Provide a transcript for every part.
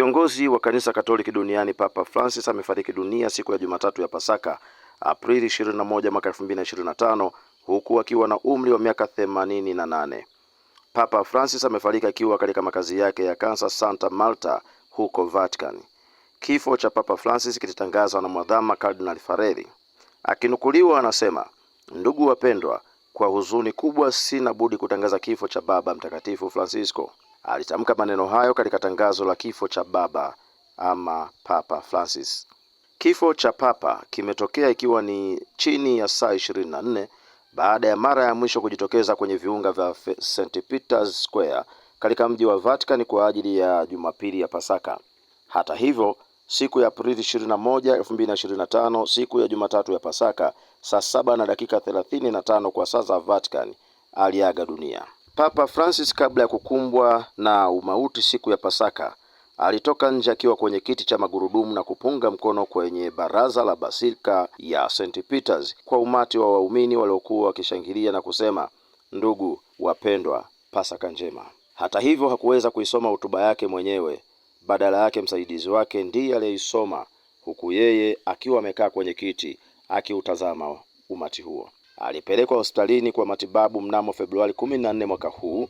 Kiongozi wa kanisa Katoliki duniani Papa Francis amefariki dunia siku ya Jumatatu ya Pasaka Aprili 21 mwaka 2025 huku akiwa na umri wa miaka 88. Papa Francis amefariki akiwa katika makazi yake ya kansa Santa Marta huko Vatican. Kifo cha Papa Francis kilitangazwa na mwadhama Cardinal Farelli. Akinukuliwa anasema, ndugu wapendwa, kwa huzuni kubwa sina budi kutangaza kifo cha Baba Mtakatifu Francisco. Alitamka maneno hayo katika tangazo la kifo cha Baba ama Papa Francis. Kifo cha Papa kimetokea ikiwa ni chini ya saa ishirini na nne baada ya mara ya mwisho kujitokeza kwenye viunga vya St Peter's Square katika mji wa Vatican kwa ajili ya Jumapili ya Pasaka. Hata hivyo, siku ya Aprili 21, 2025, siku ya Jumatatu ya Pasaka, saa saba na dakika 35 kwa saa za Vatican, aliaga dunia. Papa Francis kabla ya kukumbwa na umauti siku ya Pasaka alitoka nje akiwa kwenye kiti cha magurudumu na kupunga mkono kwenye baraza la Basilika ya St. Peters kwa umati wa waumini waliokuwa wakishangilia na kusema, ndugu wapendwa, Pasaka njema. Hata hivyo, hakuweza kuisoma hotuba yake mwenyewe, badala yake msaidizi wake ndiye aliyeisoma, huku yeye akiwa amekaa kwenye kiti akiutazama umati huo alipelekwa hospitalini kwa matibabu mnamo Februari 14 mwaka huu.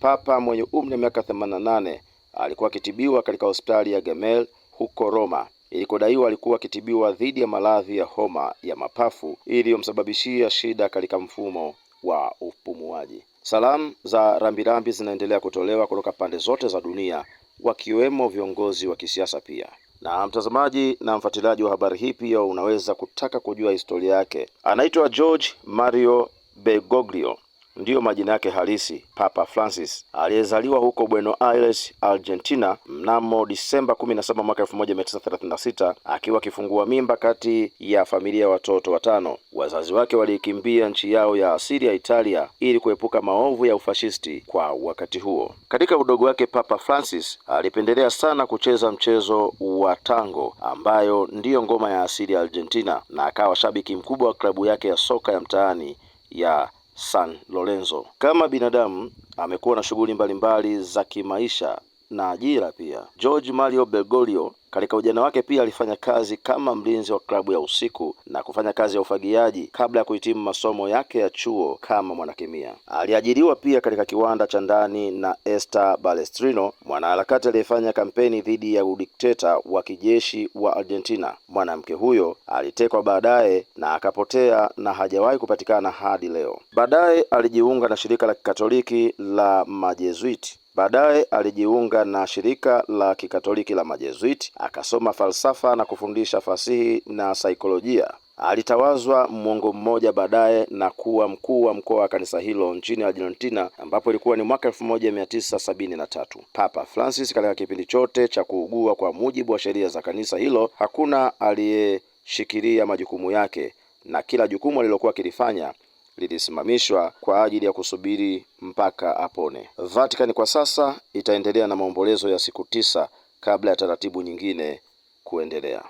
Papa mwenye umri wa miaka 88 alikuwa akitibiwa katika hospitali ya gemel huko Roma ilikodaiwa alikuwa akitibiwa dhidi ya maradhi ya homa ya mapafu iliyomsababishia shida katika mfumo wa upumuaji. Salamu za rambirambi zinaendelea kutolewa kutoka pande zote za dunia wakiwemo viongozi wa kisiasa pia na mtazamaji na mfuatiliaji wa habari hii pia unaweza kutaka kujua historia yake. Anaitwa George Mario Bergoglio ndiyo majina yake halisi, Papa Francis aliyezaliwa huko Buenos Aires, Argentina mnamo Disemba 17 mwaka 1936 akiwa akifungua mimba kati ya familia ya watoto watano. Wazazi wake waliikimbia nchi yao ya asili ya Italia ili kuepuka maovu ya ufashisti kwa wakati huo. Katika udogo wake, Papa Francis alipendelea sana kucheza mchezo wa tango, ambayo ndiyo ngoma ya asili ya Argentina, na akawa shabiki mkubwa wa klabu yake ya soka ya mtaani ya San Lorenzo. Kama binadamu amekuwa na shughuli mbalimbali za kimaisha na ajira pia. George Mario Bergoglio katika ujana wake pia alifanya kazi kama mlinzi wa klabu ya usiku na kufanya kazi ya ufagiaji kabla ya kuhitimu masomo yake ya chuo kama mwanakemia. Aliajiriwa pia katika kiwanda cha ndani na Esther Balestrino, mwanaharakati aliyefanya kampeni dhidi ya udikteta wa kijeshi wa Argentina. Mwanamke huyo alitekwa baadaye na akapotea na hajawahi kupatikana hadi leo. Baadaye alijiunga na shirika la Kikatoliki la Majezuiti Baadaye alijiunga na shirika la Kikatoliki la Majezuiti, akasoma falsafa na kufundisha fasihi na saikolojia. Alitawazwa mwongo mmoja baadaye na kuwa mkuu wa mkoa wa kanisa hilo nchini Argentina, ambapo ilikuwa ni mwaka elfu moja mia tisa sabini na tatu. Papa Francis katika kipindi chote cha kuugua, kwa mujibu wa sheria za kanisa hilo, hakuna aliyeshikilia majukumu yake na kila jukumu alilokuwa akilifanya lilisimamishwa kwa ajili ya kusubiri mpaka apone. Vatican kwa sasa itaendelea na maombolezo ya siku tisa kabla ya taratibu nyingine kuendelea.